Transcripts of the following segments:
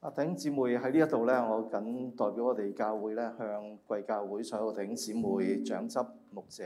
啊！弟兄姊妹喺呢一度咧，我謹代表我哋教會咧，向貴教會所有弟兄姊妹、長執牧者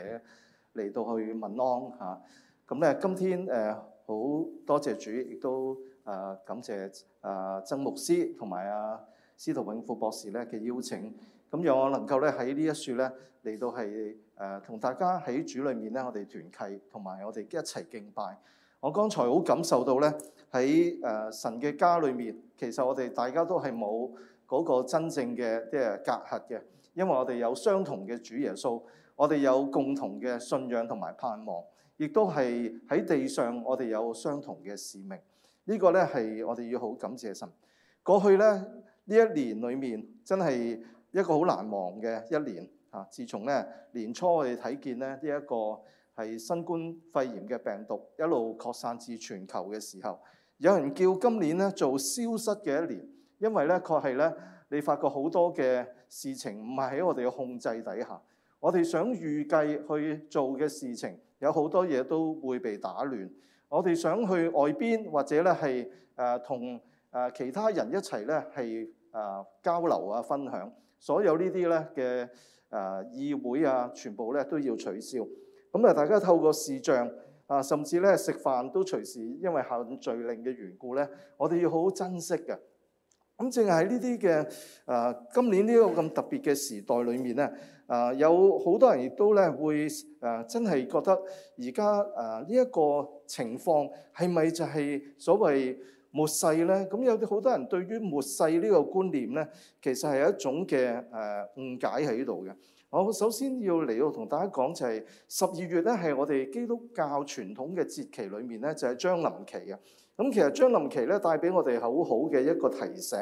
嚟到去問安吓。咁咧，今天誒好多謝主，亦都誒感謝誒曾牧師同埋啊司徒永富博士咧嘅邀請。咁讓我能夠咧喺呢一處咧嚟到係誒同大家喺主裏面咧，我哋團契同埋我哋一齊敬拜。我剛才好感受到咧喺誒神嘅家裏面。其實我哋大家都係冇嗰個真正嘅即係隔閡嘅，因為我哋有相同嘅主耶穌，我哋有共同嘅信仰同埋盼望，亦都係喺地上我哋有相同嘅使命。這個、呢個咧係我哋要好感謝神。過去咧呢一年裏面，真係一個好難忘嘅一年啊！自從咧年初我哋睇見咧呢一、這個係新冠肺炎嘅病毒一路擴散至全球嘅時候。有人叫今年咧做消失嘅一年，因為咧確係咧，你發覺好多嘅事情唔係喺我哋嘅控制底下，我哋想預計去做嘅事情，有好多嘢都會被打亂。我哋想去外邊，或者咧係誒同誒其他人一齊咧係誒交流啊、分享，所有呢啲咧嘅誒議會啊，全部咧都要取消。咁啊，大家透過視像。啊，甚至咧食飯都隨時因為限聚令嘅緣故咧，我哋要好好珍惜嘅。咁淨係喺呢啲嘅誒，今年呢個咁特別嘅時代裏面咧，啊、呃、有好多人亦都咧會誒、呃，真係覺得而家誒呢一個情況係咪就係所謂末世咧？咁有啲好多人對於末世呢個觀念咧，其實係一種嘅誒誤解喺度嘅。好，我首先要嚟到同大家講就係十二月咧，係我哋基督教傳統嘅節期裏面咧，就係將臨期啊。咁其實將臨期咧，帶俾我哋好好嘅一個提醒。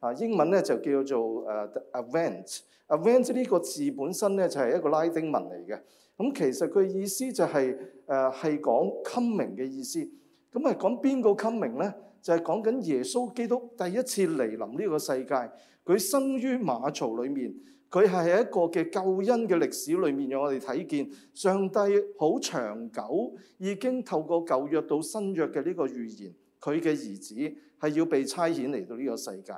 啊，英文咧就叫做誒、uh, Advent，Advent 呢個字本身咧就係一個拉丁文嚟嘅。咁其實佢意思就係誒係講啓明嘅意思。咁係講邊個啓明咧？就係講緊耶穌基督第一次嚟臨呢個世界，佢生於馬槽裏面。佢係喺一個嘅救恩嘅歷史裏面，讓我哋睇見上帝好長久已經透過舊約到新約嘅呢個預言，佢嘅兒子係要被差遣嚟到呢個世界。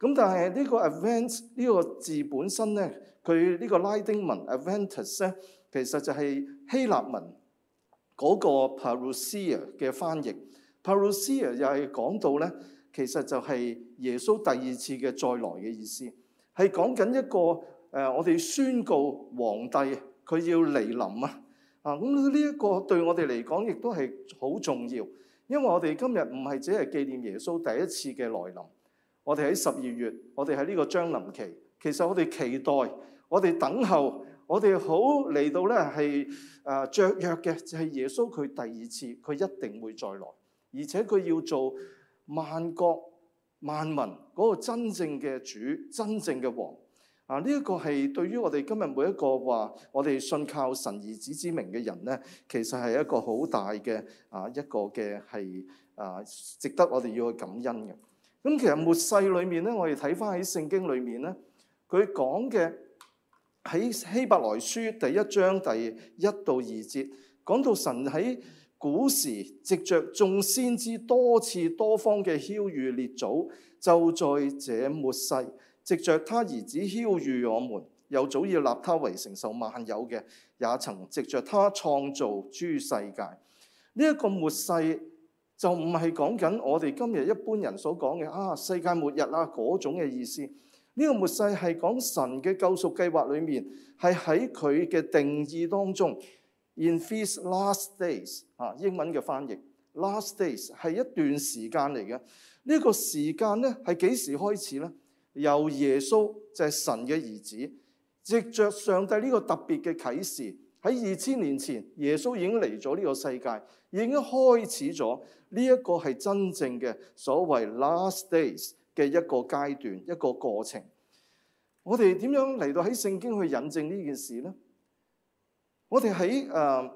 咁但係呢個 advent 呢個字本身咧，佢呢個拉丁文 adventus 咧，其實就係希臘文嗰個 parousia 嘅翻譯。parousia 又係講到咧，其實就係耶穌第二次嘅再來嘅意思。係講緊一個誒、呃，我哋宣告皇帝佢要嚟臨啊！啊，咁呢一個對我哋嚟講亦都係好重要，因為我哋今日唔係只係紀念耶穌第一次嘅來臨，我哋喺十二月，我哋喺呢個將臨期，其實我哋期待、我哋等候、我哋好嚟到咧係誒雀躍嘅，就係、是、耶穌佢第二次，佢一定會再來，而且佢要做萬國萬民嗰、那個真正嘅主、真正嘅王啊，呢、這、一個係對於我哋今日每一個話我哋信靠神兒子之名嘅人咧，其實係一個好大嘅啊一個嘅係啊值得我哋要去感恩嘅。咁、嗯、其實末世裏面咧，我哋睇返喺聖經裏面咧，佢講嘅喺希伯來書第一章第一到二節，講到神喺。古時藉着眾先知多次多方嘅曉諭列祖，就在這末世，藉着他兒子曉諭我們，又早已立他為承受萬有嘅，也曾藉着他創造諸世界。呢、這、一個末世就唔係講緊我哋今日一般人所講嘅啊世界末日啊嗰種嘅意思。呢、這個末世係講神嘅救贖計劃裏面，係喺佢嘅定義當中。In these last days，啊，英文嘅翻譯，last days 係一段時間嚟嘅。呢、這個時間咧係幾時開始呢？由耶穌就係、是、神嘅兒子，藉着上帝呢個特別嘅啟示，喺二千年前，耶穌已經嚟咗呢個世界，已經開始咗呢一個係真正嘅所謂 last days 嘅一個階段、一個過程。我哋點樣嚟到喺聖經去引證呢件事呢？我哋喺誒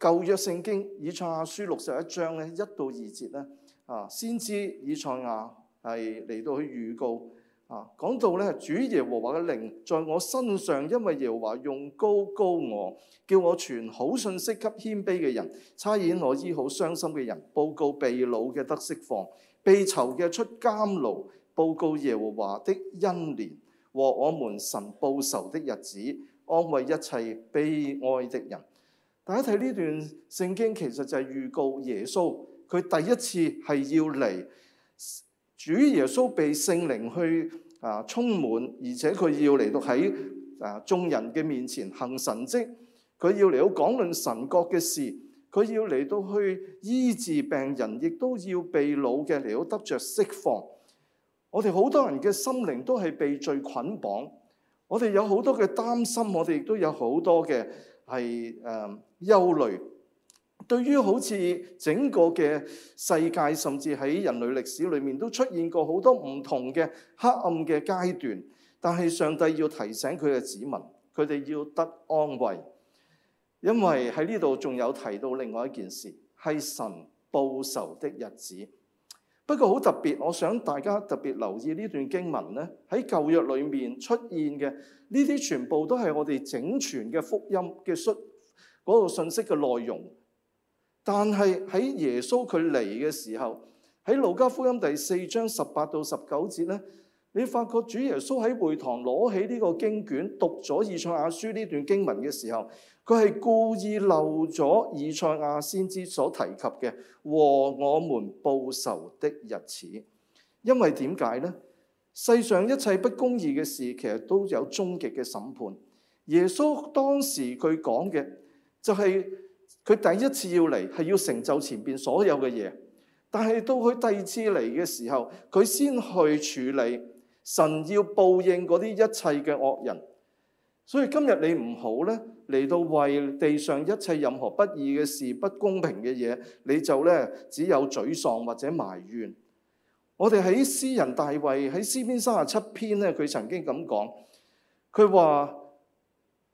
舊約聖經以賽亞書六十一章咧一到二節咧啊，先知以賽亞係嚟到去預告啊，講到咧主耶和華嘅靈在我身上，因為耶和華用膏膏我叫我傳好信息給謙卑嘅人，差遣我醫好傷心嘅人，報告被擄嘅得釋放，被囚嘅出監牢，報告耶和華的恩年和我們神報仇的日子。安慰一切悲哀的人。大家睇呢段聖經，其實就係預告耶穌，佢第一次係要嚟主耶穌被聖靈去啊充滿，而且佢要嚟到喺啊眾人嘅面前行神蹟，佢要嚟到講論神國嘅事，佢要嚟到去醫治病人，亦都要被擄嘅嚟到得着釋放。我哋好多人嘅心靈都係被罪捆綁。我哋有好多嘅擔心，我哋亦都有好多嘅係誒憂慮。對於好似整個嘅世界，甚至喺人類歷史裏面都出現過好多唔同嘅黑暗嘅階段，但係上帝要提醒佢嘅子民，佢哋要得安慰。因為喺呢度仲有提到另外一件事，係神報仇的日子。不過好特別，我想大家特別留意呢段經文咧，喺舊約裏面出現嘅呢啲全部都係我哋整全嘅福音嘅訊嗰個信息嘅內容。但係喺耶穌佢嚟嘅時候，喺路加福音第四章十八到十九節咧，你發覺主耶穌喺會堂攞起呢個經卷，讀咗以賽亞書呢段經文嘅時候。佢係故意漏咗以賽亞先知所提及嘅和我們報仇的日子，因為點解呢？世上一切不公義嘅事，其實都有終極嘅審判。耶穌當時佢講嘅就係佢第一次要嚟，係要成就前邊所有嘅嘢。但係到佢第二次嚟嘅時候，佢先去處理神要報應嗰啲一切嘅惡人。所以今日你唔好咧嚟到為地上一切任何不義嘅事、不公平嘅嘢，你就咧只有沮喪或者埋怨。我哋喺詩人大衛喺詩篇三十七篇咧，佢曾經咁講，佢話：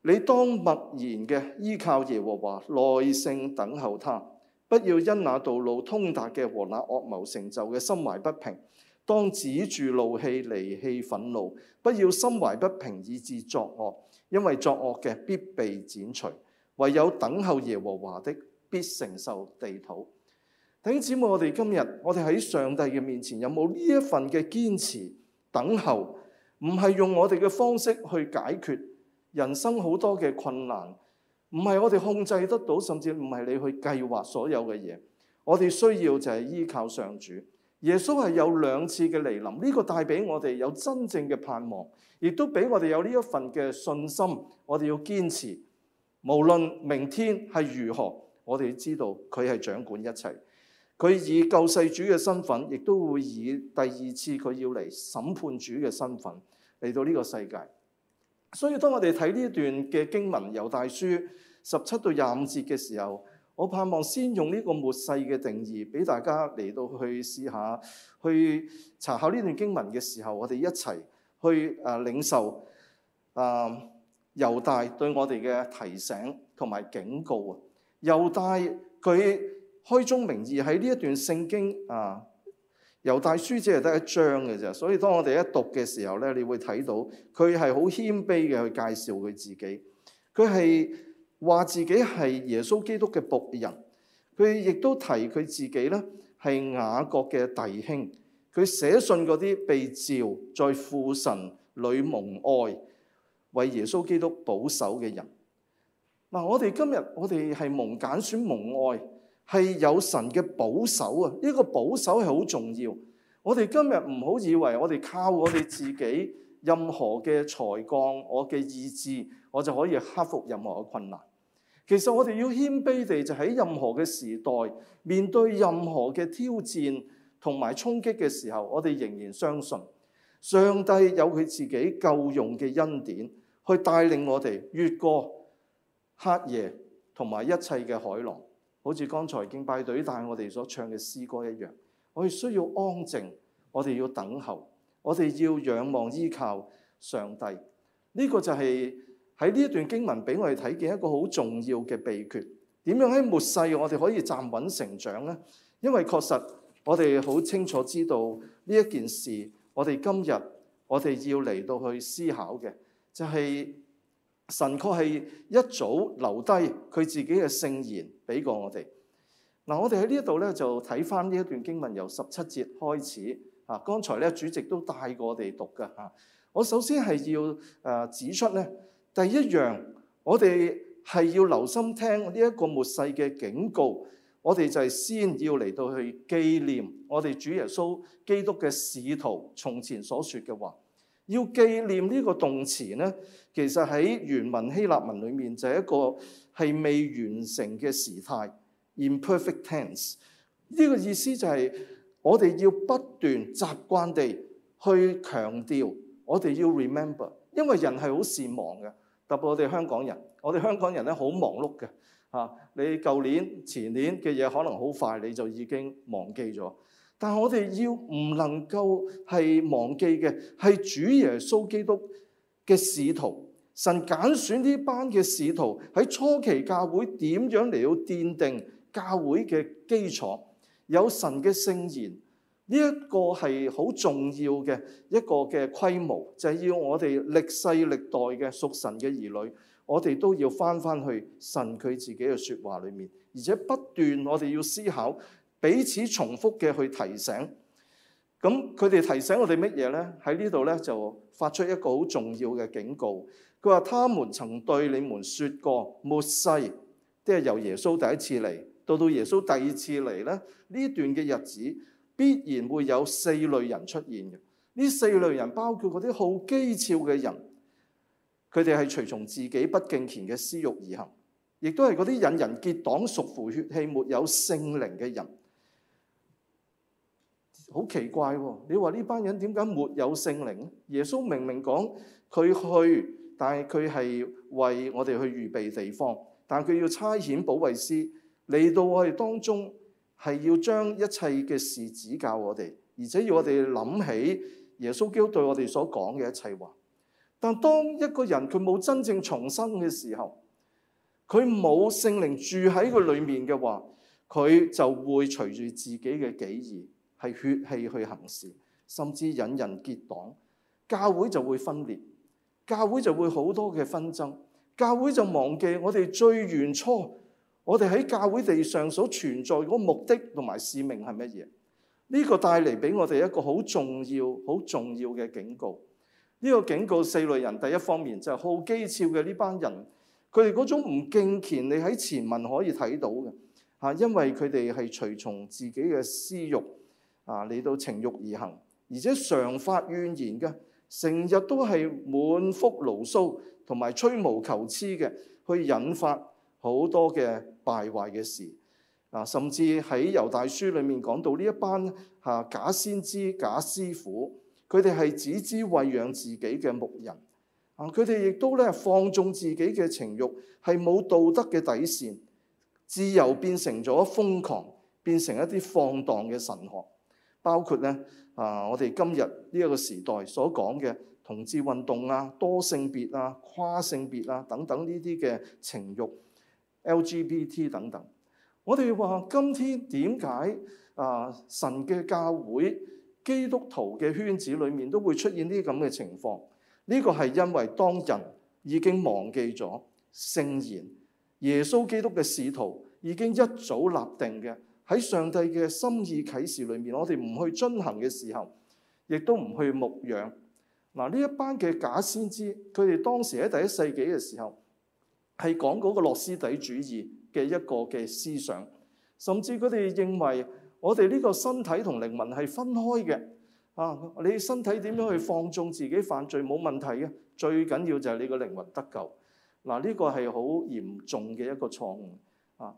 你當默然嘅依靠耶和華，耐性等候他，不要因那道路通達嘅和那惡謀成就嘅心懷不平，當止住怒氣、離棄憤怒，不要心懷不平以致作惡。因為作惡嘅必被剪除，唯有等候耶和華的必承受地土。請指望我哋今日我哋喺上帝嘅面前有冇呢一份嘅堅持等候？唔係用我哋嘅方式去解決人生好多嘅困難，唔係我哋控制得到，甚至唔係你去計劃所有嘅嘢。我哋需要就係依靠上主。耶穌係有兩次嘅嚟臨，呢、這個帶俾我哋有真正嘅盼望，亦都俾我哋有呢一份嘅信心。我哋要堅持，無論明天係如何，我哋知道佢係掌管一切。佢以救世主嘅身份，亦都會以第二次佢要嚟審判主嘅身份嚟到呢個世界。所以當我哋睇呢一段嘅經文《猶大書》十七到廿五節嘅時候，我盼望先用呢個末世嘅定義，俾大家嚟到去試下去查考呢段經文嘅時候，我哋一齊去誒領受誒猶大對我哋嘅提醒同埋警告啊！猶大佢開宗明義喺呢一段聖經啊，猶大書只係得一章嘅啫，所以當我哋一讀嘅時候咧，你會睇到佢係好謙卑嘅去介紹佢自己，佢係，話自己係耶穌基督嘅僕人，佢亦都提佢自己咧係雅各嘅弟兄，佢寫信嗰啲被召在父神裏蒙愛，為耶穌基督保守嘅人。嗱，我哋今日我哋係蒙揀選、蒙愛，係有神嘅保守啊！呢個保守係好重要。我哋今日唔好以為我哋靠我哋自己任何嘅才幹、我嘅意志，我就可以克服任何嘅困難。其實我哋要謙卑地，就喺任何嘅時代，面對任何嘅挑戰同埋衝擊嘅時候，我哋仍然相信上帝有佢自己夠用嘅恩典，去帶領我哋越過黑夜同埋一切嘅海浪，好似剛才敬拜隊帶我哋所唱嘅詩歌一樣。我哋需要安靜，我哋要等候，我哋要仰望依靠上帝。呢個就係。喺呢一段經文，俾我哋睇見一個好重要嘅秘訣。點樣喺末世，我哋可以站穩成長咧？因為確實，我哋好清楚知道呢一件事。我哋今日，我哋要嚟到去思考嘅，就係神確係一早留低佢自己嘅聖言俾過我哋嗱。我哋喺呢一度咧，就睇返呢一段經文，由十七節開始啊。剛才咧，主席都帶過我哋讀噶吓。我首先係要誒指出咧。第一樣，我哋係要留心聽呢一個末世嘅警告。我哋就係先要嚟到去紀念我哋主耶穌基督嘅事徒從前所說嘅話。要紀念呢個動詞呢，其實喺原文希臘文裏面就係一個係未完成嘅時態 i n p e r f e c t tense）。呢個意思就係我哋要不斷習慣地去強調，我哋要 remember，因為人係好善忘嘅。特別我哋香港人，我哋香港人咧好忙碌嘅，吓、啊，你舊年前年嘅嘢，可能好快你就已經忘記咗。但係我哋要唔能夠係忘記嘅係主耶穌基督嘅使徒，神揀選呢班嘅使徒喺初期教會點樣嚟到奠定教會嘅基礎，有神嘅聖言。呢一個係好重要嘅一個嘅規模，就係、是、要我哋歷世歷代嘅屬神嘅兒女，我哋都要返返去神佢自己嘅説話裏面，而且不斷我哋要思考彼此重複嘅去提醒。咁佢哋提醒我哋乜嘢呢？喺呢度呢，就發出一個好重要嘅警告。佢話：他們曾對你們説過，末世即係由耶穌第一次嚟，到到耶穌第二次嚟呢，呢段嘅日子。必然會有四類人出現嘅。呢四類人包括嗰啲好譏誚嘅人，佢哋係隨從自己不敬虔嘅私欲而行，亦都係嗰啲引人結黨、屬乎血氣、沒有聖靈嘅人。好奇怪喎、哦！你話呢班人點解沒有聖靈？耶穌明明講佢去，但係佢係為我哋去預備地方，但佢要差遣保惠師嚟到我哋當中。係要將一切嘅事指教我哋，而且要我哋諗起耶穌基督對我哋所講嘅一切話。但當一個人佢冇真正重生嘅時候，佢冇聖靈住喺佢裏面嘅話，佢就會隨住自己嘅己意係血氣去行事，甚至引人結黨，教會就會分裂，教會就會好多嘅紛爭，教會就忘記我哋最原初。我哋喺教會地上所存在個目的同埋使命係乜嘢？呢、這個帶嚟俾我哋一個好重要、好重要嘅警告。呢、這個警告四類人。第一方面就係、是、好譏誚嘅呢班人，佢哋嗰種唔敬虔，你喺前文可以睇到嘅。嚇、啊，因為佢哋係隨從自己嘅私欲，啊，嚟到情欲而行，而且常發怨言嘅，成日都係滿腹牢騷，同埋吹毛求疵嘅，去引發。好多嘅敗壞嘅事啊！甚至喺猶大書裡面講到呢一班嚇假先知、假師傅，佢哋係只知餵養自己嘅牧人啊！佢哋亦都咧放縱自己嘅情慾，係冇道德嘅底線，自由變成咗瘋狂，變成一啲放蕩嘅神學，包括咧啊！我哋今日呢一個時代所講嘅同志運動啊、多性別啊、跨性別啊等等呢啲嘅情慾。LGBT 等等，我哋話今天點解啊，神嘅教會基督徒嘅圈子裏面都會出現呢啲咁嘅情況？呢、呢個係因為當人已經忘記咗聖言，耶穌基督嘅使徒已經一早立定嘅喺上帝嘅心意啟示裏面，我哋唔去遵行嘅時候，亦都唔去牧養。嗱、呃、呢一班嘅假先知，佢哋當時喺第一世紀嘅時候。係講嗰個諾斯底主義嘅一個嘅思想，甚至佢哋認為我哋呢個身體同靈魂係分開嘅啊！你身體點樣去放縱自己犯罪冇問題嘅，最緊要就係你個靈魂得救。嗱、啊，呢、呢個係好嚴重嘅一個錯誤啊！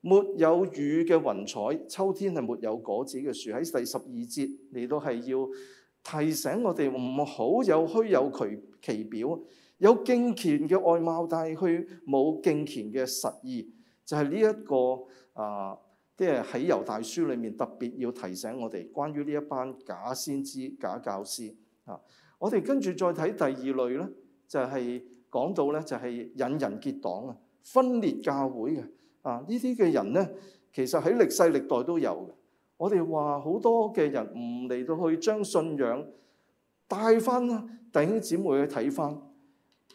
沒有雨嘅雲彩，秋天係沒有果子嘅樹，喺第十二節，你都係要提醒我哋唔好有虛有其其表，有敬虔嘅外貌，但係佢冇敬虔嘅實意，就係呢一個啊，即係喺猶大書裏面特別要提醒我哋關於呢一班假先知、假教師啊。我哋跟住再睇第二類咧，就係講到咧，就係引人結黨啊，分裂教會嘅啊，呢啲嘅人咧，其實喺歷世歷代都有嘅。我哋話好多嘅人唔嚟到去將信仰帶翻啊弟兄姊妹去睇翻。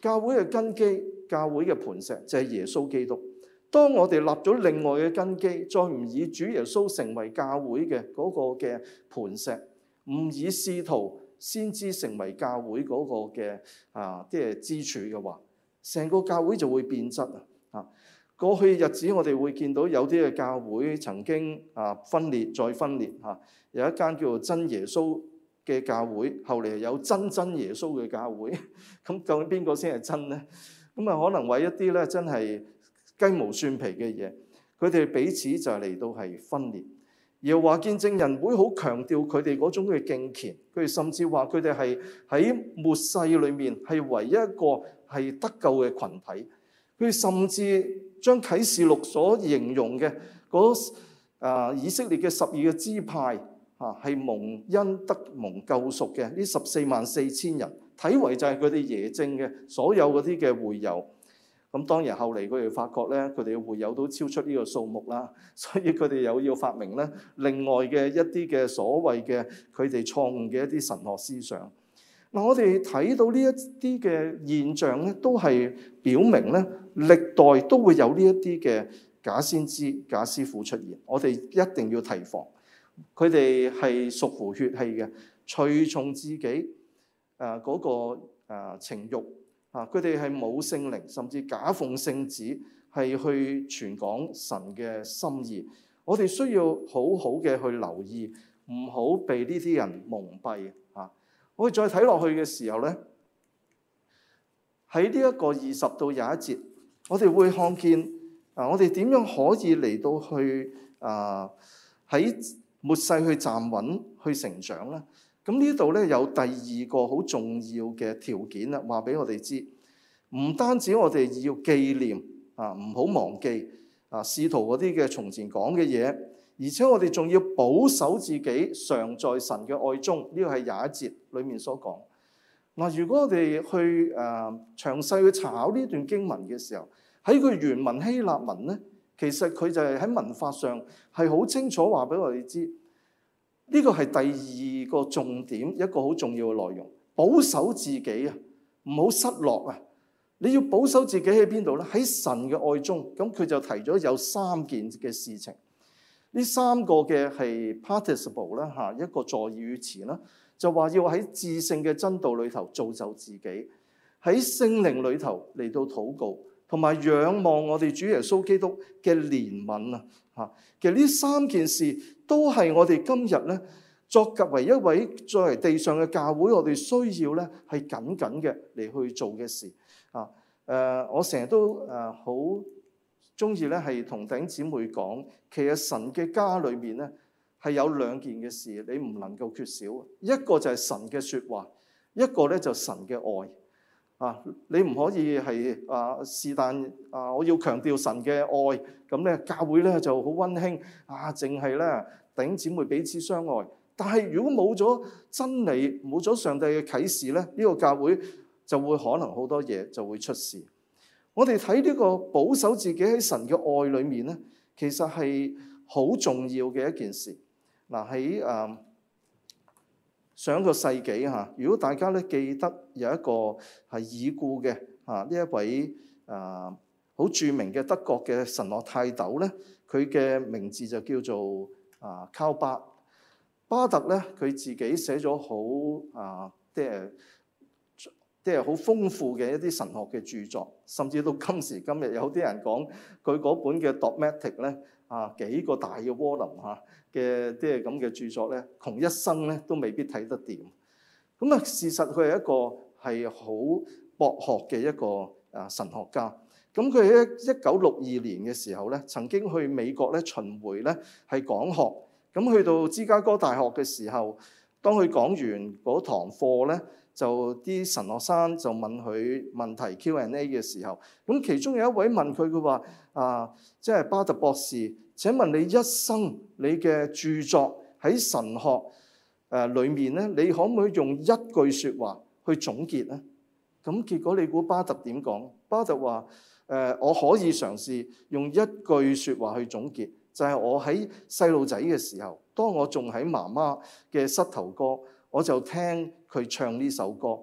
教會嘅根基、教會嘅磐石就係耶穌基督。當我哋立咗另外嘅根基，再唔以主耶穌成為教會嘅嗰個嘅磐石，唔以使徒先知成為教會嗰個嘅啊，即係支柱嘅話，成個教會就會變質啊！過去日子我哋會見到有啲嘅教會曾經啊分裂再分裂嚇、啊，有一間叫做真耶穌。嘅教會，後嚟有真真耶穌嘅教會，咁究竟邊個先係真呢？咁啊，可能為一啲咧真係雞毛蒜皮嘅嘢，佢哋彼此就嚟到係分裂。耶和華見證人會好強調佢哋嗰種嘅敬虔，佢哋甚至話佢哋係喺末世裏面係唯一一個係得救嘅群體，佢甚至將啟示錄所形容嘅嗰以色列嘅十二個支派。啊，係蒙恩得蒙救贖嘅呢十四萬四千人，睇為就係佢哋耶證嘅所有嗰啲嘅會友。咁當然後嚟佢哋發覺咧，佢哋嘅會友都超出呢個數目啦，所以佢哋又要發明咧另外嘅一啲嘅所謂嘅佢哋錯嘅一啲神學思想。嗱，我哋睇到呢一啲嘅現象咧，都係表明咧歷代都會有呢一啲嘅假先知、假師傅出現，我哋一定要提防。佢哋係屬乎血氣嘅，隨從自己誒嗰個情慾啊！佢哋係冇聖靈，甚至假奉聖旨係去傳講神嘅心意。我哋需要好好嘅去留意，唔好被呢啲人蒙蔽啊！我哋再睇落去嘅時候咧，喺呢一個二十到廿一節，我哋會看見啊，我哋點樣可以嚟到去啊喺呃末世去站穩去成長啦，咁呢度咧有第二個好重要嘅條件啦，話俾我哋知，唔單止我哋要紀念啊，唔好忘記啊，使徒嗰啲嘅從前講嘅嘢，而且我哋仲要保守自己常在神嘅愛中，呢個係廿一節裡面所講。嗱，如果我哋去誒詳細去查考呢段經文嘅時候，喺佢原文希臘文咧。其實佢就係喺文法上係好清楚話俾我哋知，呢、這個係第二個重點，一個好重要嘅內容。保守自己啊，唔好失落啊！你要保守自己喺邊度咧？喺神嘅愛中，咁佢就提咗有三件嘅事情。呢三個嘅係 participle 啦，嚇一個助語詞啦，就話要喺至聖嘅真道裏頭造就自己，喺聖靈裏頭嚟到禱告。同埋仰望我哋主耶穌基督嘅憐憫啊！嚇，其實呢三件事都係我哋今日咧，作作為一位作為地上嘅教會，我哋需要咧係緊緊嘅嚟去做嘅事啊！誒，我成日都誒好鍾意咧係同頂姊妹講，其實神嘅家裏面咧係有兩件嘅事，你唔能夠缺少，一個就係神嘅説話，一個咧就神嘅愛。啊！你唔可以係啊，是但啊！我要強調神嘅愛，咁咧教會咧就好溫馨。啊，淨係咧頂姊妹彼此相愛。但係如果冇咗真理，冇咗上帝嘅啟示咧，呢、呢個教會就會可能好多嘢就會出事。我哋睇呢個保守自己喺神嘅愛裏面咧，其實係好重要嘅一件事。嗱、啊、喺。啊。上個世紀嚇、啊，如果大家咧記得有一個係已故嘅嚇呢一位啊好著名嘅德國嘅神學泰斗咧，佢嘅名字就叫做啊卡爾巴特咧，佢自己寫咗好啊，即係即係好豐富嘅一啲神學嘅著作，甚至到今時今日有啲人講佢嗰本嘅《Dogmatic》、啊咧啊幾個大嘅 volume 嘅啲係咁嘅著作咧，窮一生咧都未必睇得掂。咁啊，事實佢係一個係好博學嘅一個啊神學家。咁佢喺一九六二年嘅時候咧，曾經去美國咧巡迴咧係講學。咁去到芝加哥大學嘅時候，當佢講完嗰堂課咧，就啲神學生就問佢問題 Q&A 嘅時候，咁其中有一位問佢，佢話啊，即係巴特博士。請問你一生你嘅著作喺神學誒裏面咧，你可唔可以用一句説話去總結咧？咁結果你估巴特點講？巴特話誒、呃，我可以嘗試用一句説話去總結，就係、是、我喺細路仔嘅時候，當我仲喺媽媽嘅膝頭哥，我就聽佢唱呢首歌。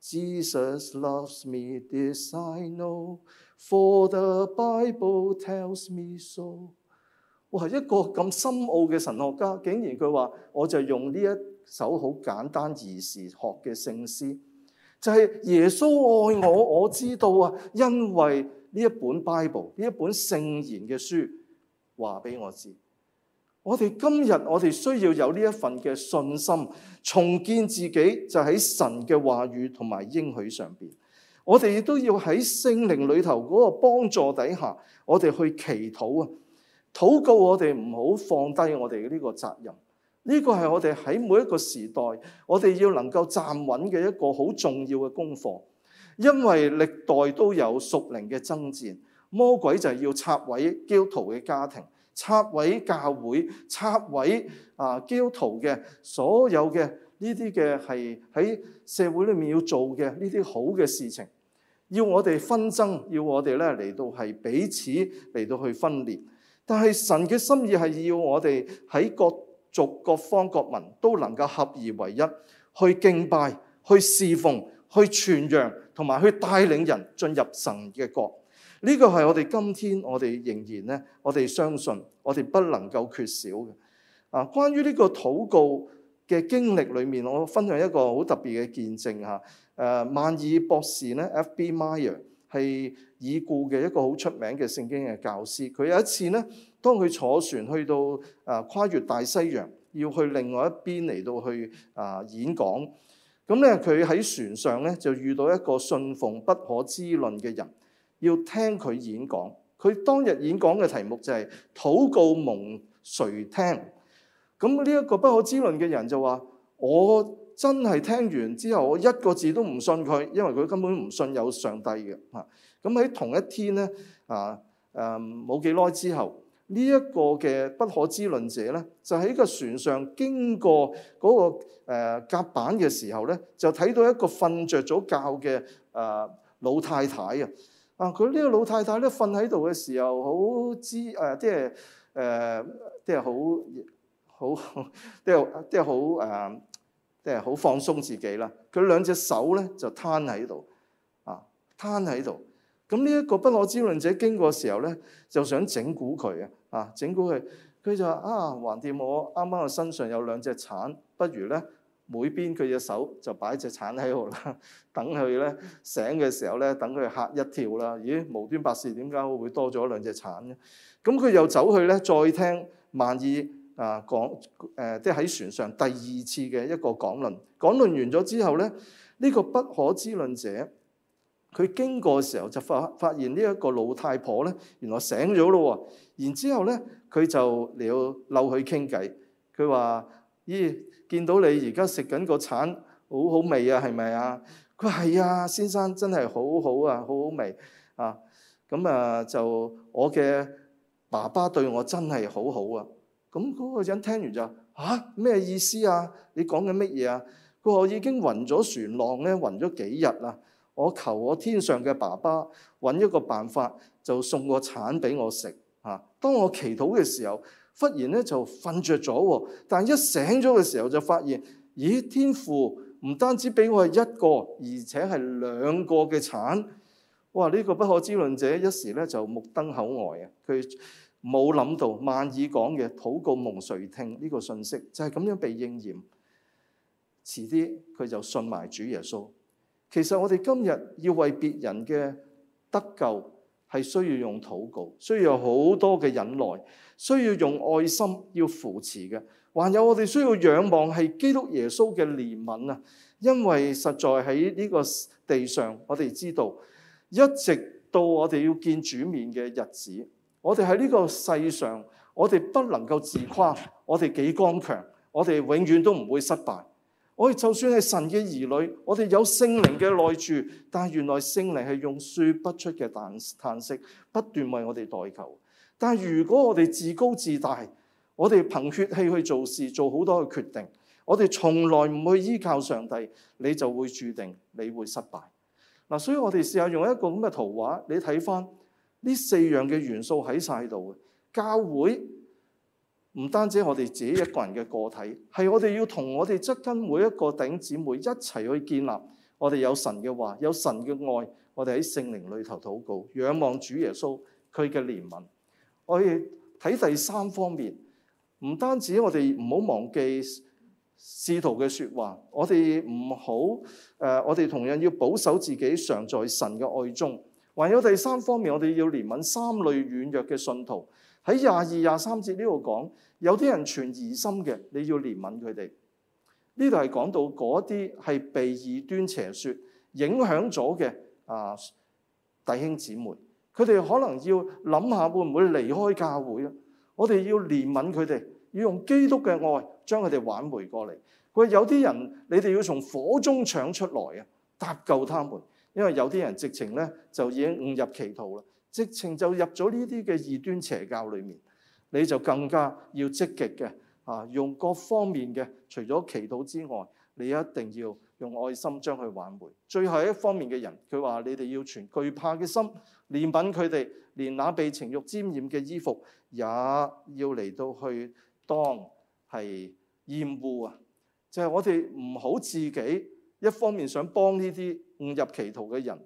Jesus loves me, this I know, for the Bible tells me so。哇！一個咁深奧嘅神學家，竟然佢話我就用呢一首好簡單兒時學嘅聖詩，就係、是、耶穌愛我，我知道啊，因為呢一本 Bible 呢一本聖言嘅書話俾我知。我哋今日我哋需要有呢一份嘅信心，重建自己就喺神嘅話語同埋應許上邊。我哋亦都要喺聖靈裏頭嗰個幫助底下，我哋去祈禱啊！禱告，我哋唔好放低我哋嘅呢個責任。呢、這個係我哋喺每一個時代，我哋要能夠站穩嘅一個好重要嘅功課。因為歷代都有屬靈嘅爭戰，魔鬼就係要拆毀基督徒嘅家庭，拆毀教會，拆毀啊基督徒嘅所有嘅呢啲嘅係喺社會裏面要做嘅呢啲好嘅事情。要我哋紛爭，要我哋咧嚟到係彼此嚟到去分裂。但係神嘅心意係要我哋喺各族各方各民都能夠合而為一，去敬拜、去侍奉、去傳揚，同埋去帶領人進入神嘅國。呢個係我哋今天我哋仍然呢，我哋相信我哋不能夠缺少嘅。啊，關於呢個禱告嘅經歷裏面，我分享一個好特別嘅見證吓。誒、啊，萬二博士呢，F. B. Meyer 係已故嘅一個好出名嘅聖經嘅教師。佢有一次呢，當佢坐船去到啊跨越大西洋，要去另外一邊嚟到去啊演講。咁咧，佢喺船上咧就遇到一個信奉不可知論嘅人，要聽佢演講。佢當日演講嘅題目就係、是《禱告蒙誰聽》。咁呢一個不可知論嘅人就話：我。真係聽完之後，我一個字都唔信佢，因為佢根本唔信有上帝嘅嚇。咁、啊、喺同一天咧啊，誒冇幾耐之後，呢、這、一個嘅不可知論者咧，就喺個船上經過嗰、那個誒、啊、甲板嘅時候咧，就睇到一個瞓着咗覺嘅誒、啊、老太太啊！啊，佢呢個老太太咧瞓喺度嘅時候，好知誒，即係誒，即係好好，即係即係好誒。即係好放鬆自己啦，佢兩隻手咧就攤喺度，啊，攤喺度。咁呢一個不可知論者經過時候咧，就想整蠱佢啊，啊整蠱佢。佢就話：啊，橫掂，啊、我啱啱我身上有兩隻鏟，不如咧每邊佢隻手就擺隻鏟喺度啦，等佢咧醒嘅時候咧，等佢嚇一跳啦。咦，無端白事，點解會多咗兩隻鏟嘅？咁佢又走去咧，再聽萬二。啊！講誒，即係喺船上第二次嘅一個講論，講論完咗之後咧，呢、這個不可知論者佢經過嘅時候就發發現呢一個老太婆咧，原來醒咗咯喎。然之後咧，佢就嚟到嬲佢傾偈。佢話：咦、欸，見到你而家食緊個橙，好好味啊，係咪啊？佢係啊，先生真係好好啊，好好味啊。咁啊，啊，就我嘅爸爸對我真係好好啊。咁嗰個人聽完就嚇咩、啊、意思啊？你講緊乜嘢啊？佢話已經暈咗船浪咧，暈咗幾日啦。我求我天上嘅爸爸揾一個辦法，就送個橙俾我食嚇、啊。當我祈禱嘅時候，忽然咧就瞓着咗喎。但一醒咗嘅時候就發現，咦，天父唔單止俾我係一個，而且係兩個嘅橙。我話呢個不可知論者一時咧就目瞪口呆啊！佢。冇諗到，萬爾講嘅禱告蒙垂聽呢個信息就係咁樣被應驗。遲啲佢就信埋主耶穌。其實我哋今日要為別人嘅得救係需要用禱告，需要有好多嘅忍耐，需要用愛心要扶持嘅。還有我哋需要仰望係基督耶穌嘅憐憫啊！因為實在喺呢個地上，我哋知道一直到我哋要見主面嘅日子。我哋喺呢個世上，我哋不能夠自誇，我哋幾剛強，我哋永遠都唔會失敗。我哋就算係神嘅兒女，我哋有聖靈嘅內住，但係原來聖靈係用說不出嘅嘆嘆息，不斷為我哋代求。但係如果我哋自高自大，我哋憑血氣去做事，做好多嘅決定，我哋從來唔去依靠上帝，你就會注定你會失敗。嗱，所以我哋試下用一個咁嘅圖畫，你睇翻。呢四樣嘅元素喺晒度。教會唔單止我哋自己一個人嘅個體，係我哋要同我哋側根每一個頂姊妹一齊去建立。我哋有神嘅話，有神嘅愛，我哋喺聖靈裏頭禱告，仰望主耶穌佢嘅憐憫。我哋睇第三方面，唔單止我哋唔好忘記使徒嘅説話，我哋唔好誒，我哋同樣要保守自己常在神嘅愛中。還有第三方面，我哋要憐憫三類軟弱嘅信徒。喺廿二、廿三節呢度講，有啲人存疑心嘅，你要憐憫佢哋。呢度係講到嗰啲係被異端邪説影響咗嘅啊弟兄姊妹，佢哋可能要諗下會唔會離開教會啊？我哋要憐憫佢哋，要用基督嘅愛將佢哋挽回過嚟。佢話有啲人，你哋要從火中搶出來啊，搭救他們。因為有啲人直情咧就已經誤入歧途啦，直情就入咗呢啲嘅異端邪教裏面，你就更加要積極嘅啊，用各方面嘅除咗祈禱之外，你一定要用愛心將佢挽回。最後一方面嘅人，佢話：你哋要存懼怕嘅心，憐憫佢哋，連那被情欲沾染嘅衣服也要嚟到去當係厭惡啊！就係、是、我哋唔好自己一方面想幫呢啲。誤入歧途嘅人，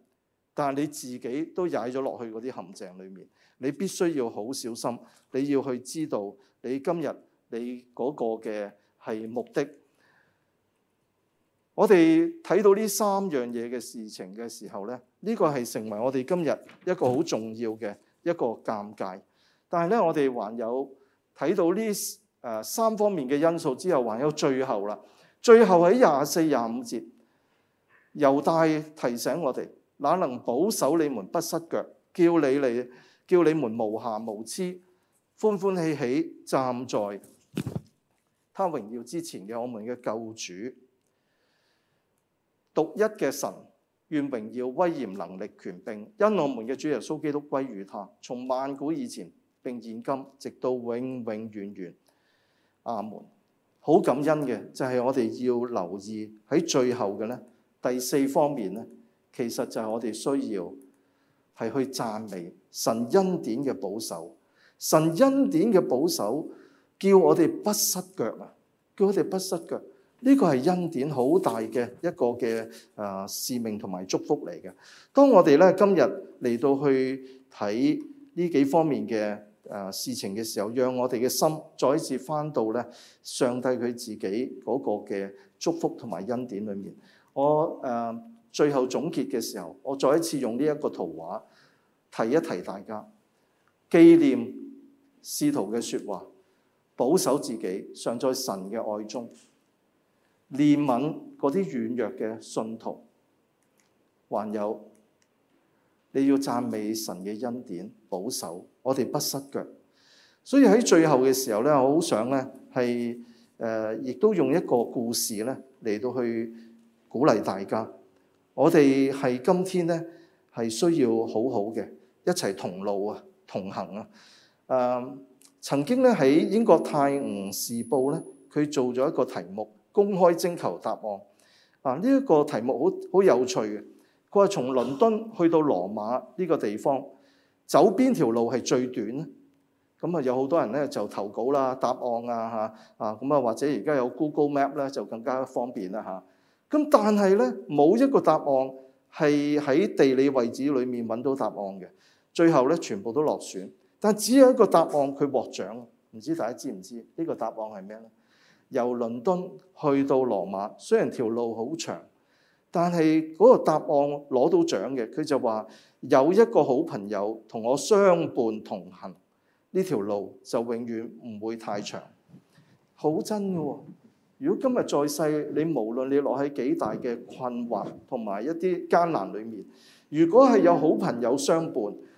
但係你自己都踩咗落去嗰啲陷阱裏面，你必須要好小心。你要去知道你今日你嗰個嘅係目的。我哋睇到呢三樣嘢嘅事情嘅時候咧，呢個係成為我哋今日一個好重要嘅一個尷尬。但係咧，我哋還有睇到呢誒三方面嘅因素之後，還有最後啦。最後喺廿四廿五節。猶大提醒我哋，哪能保守你們不失腳，叫你嚟，叫你們無瑕無疵，歡歡喜喜站在他榮耀之前嘅。我們嘅救主，獨一嘅神，願榮耀、威嚴、能力、權柄，並因我們嘅主耶穌基督歸於他，從萬古以前，並現今直到永永遠遠。阿門。好感恩嘅就係我哋要留意喺最後嘅呢。第四方面咧，其實就係我哋需要係去讚美神恩典嘅保守，神恩典嘅保守叫我哋不失腳啊！叫我哋不失腳，呢個係恩典好大嘅一個嘅啊使命同埋祝福嚟嘅。當我哋咧今日嚟到去睇呢幾方面嘅啊事情嘅時候，讓我哋嘅心再一次翻到咧上帝佢自己嗰個嘅祝福同埋恩典裏面。我誒、呃、最後總結嘅時候，我再一次用呢一個圖畫提一提大家，紀念使徒嘅説話，保守自己，尚在神嘅愛中，憐憫嗰啲軟弱嘅信徒，還有你要讚美神嘅恩典，保守我哋不失腳。所以喺最後嘅時候咧，我好想咧係誒亦都用一個故事咧嚟到去。鼓勵大家，我哋係今天咧係需要好好嘅一齊同路啊，同行啊。誒、呃，曾經咧喺英國泰晤士報咧，佢做咗一個題目，公開徵求答案。啊、呢、這、一個題目好好有趣嘅。佢話從倫敦去到羅馬呢個地方，走邊條路係最短咧？咁啊，有好多人咧就投稿啦，答案啊嚇啊咁啊，或者而家有 Google Map 咧，就更加方便啦嚇。啊咁但係咧，冇一個答案係喺地理位置裏面揾到答案嘅。最後咧，全部都落選。但只有一個答案佢獲獎，唔知大家知唔知呢個答案係咩咧？由倫敦去到羅馬，雖然條路好長，但係嗰個答案攞到獎嘅。佢就話有一個好朋友同我相伴同行，呢條路就永遠唔會太長。好真㗎喎，哦！如果今日在世，你無論你落喺幾大嘅困惑同埋一啲艱難裏面，如果係有好朋友相伴，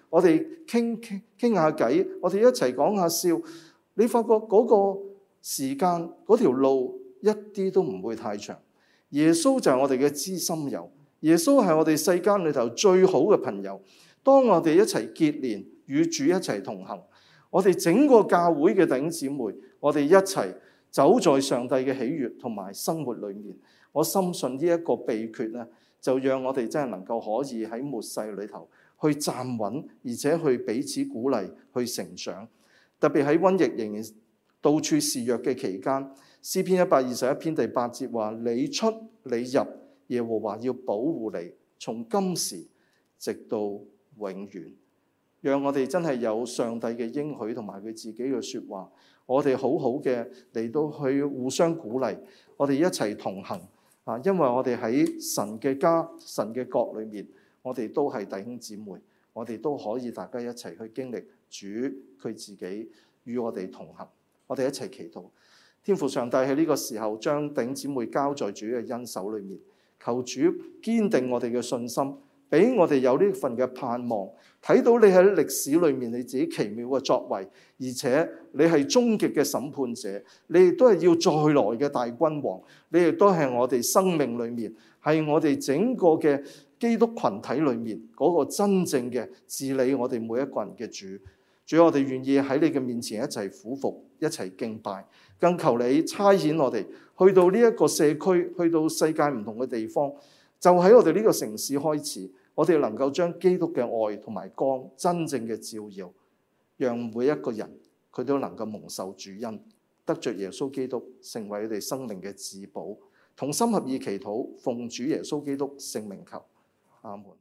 我哋傾傾傾下偈，我哋一齊講下笑，你發覺嗰個時間嗰條路一啲都唔會太長。耶穌就係我哋嘅知心友，耶穌係我哋世間裏頭最好嘅朋友。當我哋一齊結連與主一齊同行，我哋整個教會嘅弟兄姊妹，我哋一齊，走在上帝嘅喜悅同埋生活裏面，我深信呢一個秘訣呢，就讓我哋真係能夠可以喺末世裏頭去站穩，而且去彼此鼓勵，去成長，特別喺瘟疫仍然到處肆虐嘅期間，《詩篇一百二十一篇》第八節話，你出你入，耶和華要保護你，從今時直到永遠，讓我哋真係有上帝嘅應許同埋佢自己嘅說話。我哋好好嘅嚟到去互相鼓勵，我哋一齊同行啊！因為我哋喺神嘅家、神嘅國裏面，我哋都係弟兄姊妹，我哋都可以大家一齊去經歷主佢自己與我哋同行。我哋一齊祈禱，天父上帝喺呢個時候將弟兄姊妹交在主嘅恩手裏面，求主堅定我哋嘅信心。俾我哋有呢份嘅盼望，睇到你喺歷史裏面你自己奇妙嘅作為，而且你係終極嘅審判者，你亦都係要再來嘅大君王，你亦都係我哋生命裏面，係我哋整個嘅基督群體裏面嗰個真正嘅治理我哋每一個人嘅主。主，我哋願意喺你嘅面前一齊俯伏，一齊敬拜，更求你差遣我哋去到呢一個社區，去到世界唔同嘅地方，就喺我哋呢個城市開始。我哋能夠將基督嘅愛同埋光真正嘅照耀，讓每一個人佢都能夠蒙受主恩，得着耶穌基督成為佢哋生命嘅至寶，同心合意祈禱，奉主耶穌基督聖名求，阿門。